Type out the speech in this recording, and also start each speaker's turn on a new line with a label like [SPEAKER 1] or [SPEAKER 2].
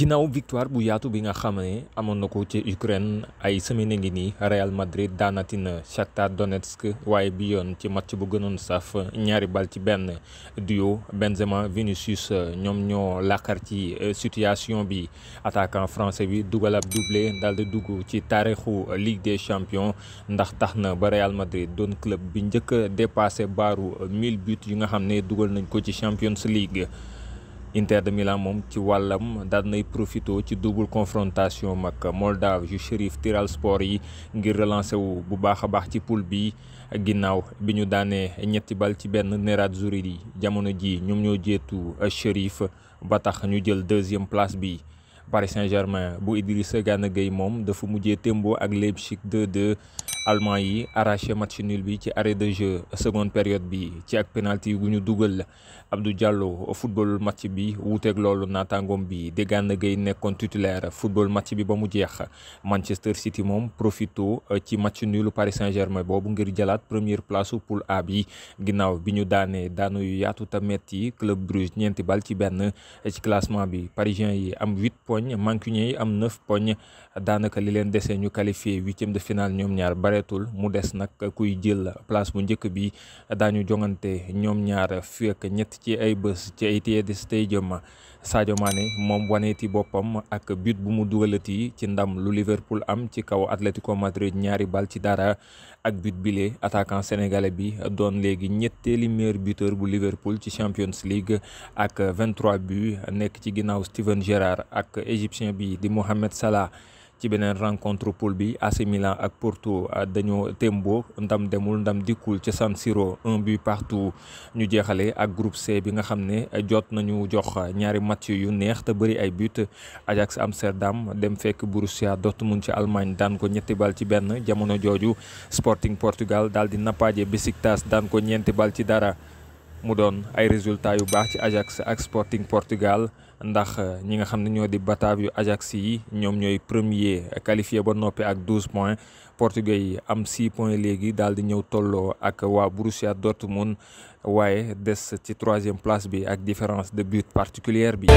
[SPEAKER 1] ginnaaw victoire bu yaatu bi nga xam ne amoon na ko ci Ukraine ay semaine ngi nii Real Madrid daanati na Shakhtar Donetsk waaye bi yoon ci match bu gënoon saf ñaari bal ci benn duo Benzema Vinicius ñoom ñoo làqar ci euh, situation bi attaquant français bi dugal ab doublé daal di dugg ci taarixu Ligue des Champions ndax tax na ba Real Madrid doon club bi njëkk a dépassé baaru 1000 buts yu nga xam ne dugal nañ ko ci Champions League Inter de millan moom ci wàllam daal nay profito ci double confrontation mag Moldave yu Sheriff Tiraspol yi ngir relancer wu bu baax a baax ci poule bi ginnaaw bi ñu daanee ñetti bal ci benn Nerazzurri yi jamono ji ñoom ñoo jeetu Sheriff ba tax ñu jël deuxième place bi Paris Saint-Germain bu Idrissa Gana Gueye moom dafa mujje témboo ak Leipzig 2-2 allemand yi arraché match nul bi ci arrêt de jeu seconde période bi ci ak penalty bu ñu dugal la Abdou Diallo football match bi wuuteeg loolu naataangoom bi Degane Gueye nekkoon titulaire football match bi ba mu jeex Manchester City moom profito euh, ci match nul Paris Saint-Germain boobu ngir jalaat première place poule A bi ginnaaw bi ñu daanee daanu yu yaatu ta metti club Bruges ñeenti bal ci benn ci classement bi parisien yi am huit poñ mancunien yi am neuf poñ daanaka li leen dese ñu qualifié huitième de ñoom ñaar bareetul mu des nag kuy jël place bu njëkk bi daañu jongante ñoom ñaar fii ak ñett ci ay bës ci ay Etihad Stadium Sadio Mané moom waneeti boppam ak but bu mu dugalati ci ndam lu Liverpool am ci kaw Atlético Madrid ñaari bal ci dara ak but bile attaquant sénégalais bi doon léegi ñetteeli meilleur buteur bu Liverpool ci Champions League ak 23 buts nekk ci ginnaaw Steven Gerrard ak égyptien bi di Mohamed Salah. ci beneen rencontre poule bi AC Milan ak Porto ah, dañoo tembo ndam demul ndam dikkul ci San Siro un bi partout ñu jeexale ak groupe C bi nga xam ne jot nañu jox ñaari match yu neex te bëri ay but Ajax Amsterdam dem fekk Borussia Dortmund ci Allemagne daan ko ñetti bal ci benn jamono jooju Sporting Portugal daal di nappaaje Besiktas daan ko ñeenti bal ci dara mu doon ay résultats yu baax ci Ajax ak Sporting Portugal ndax euh, ñi nga xam ne ñoo di bataab yu Ajax yi ñoom ñooy premier qualifié ba noppi ak 12 points portugais yi am 6 points léegi daal di ñëw tolloo ak waa Borussia Dortmund waaye des ci troisième place bi ak différence de but particulière bi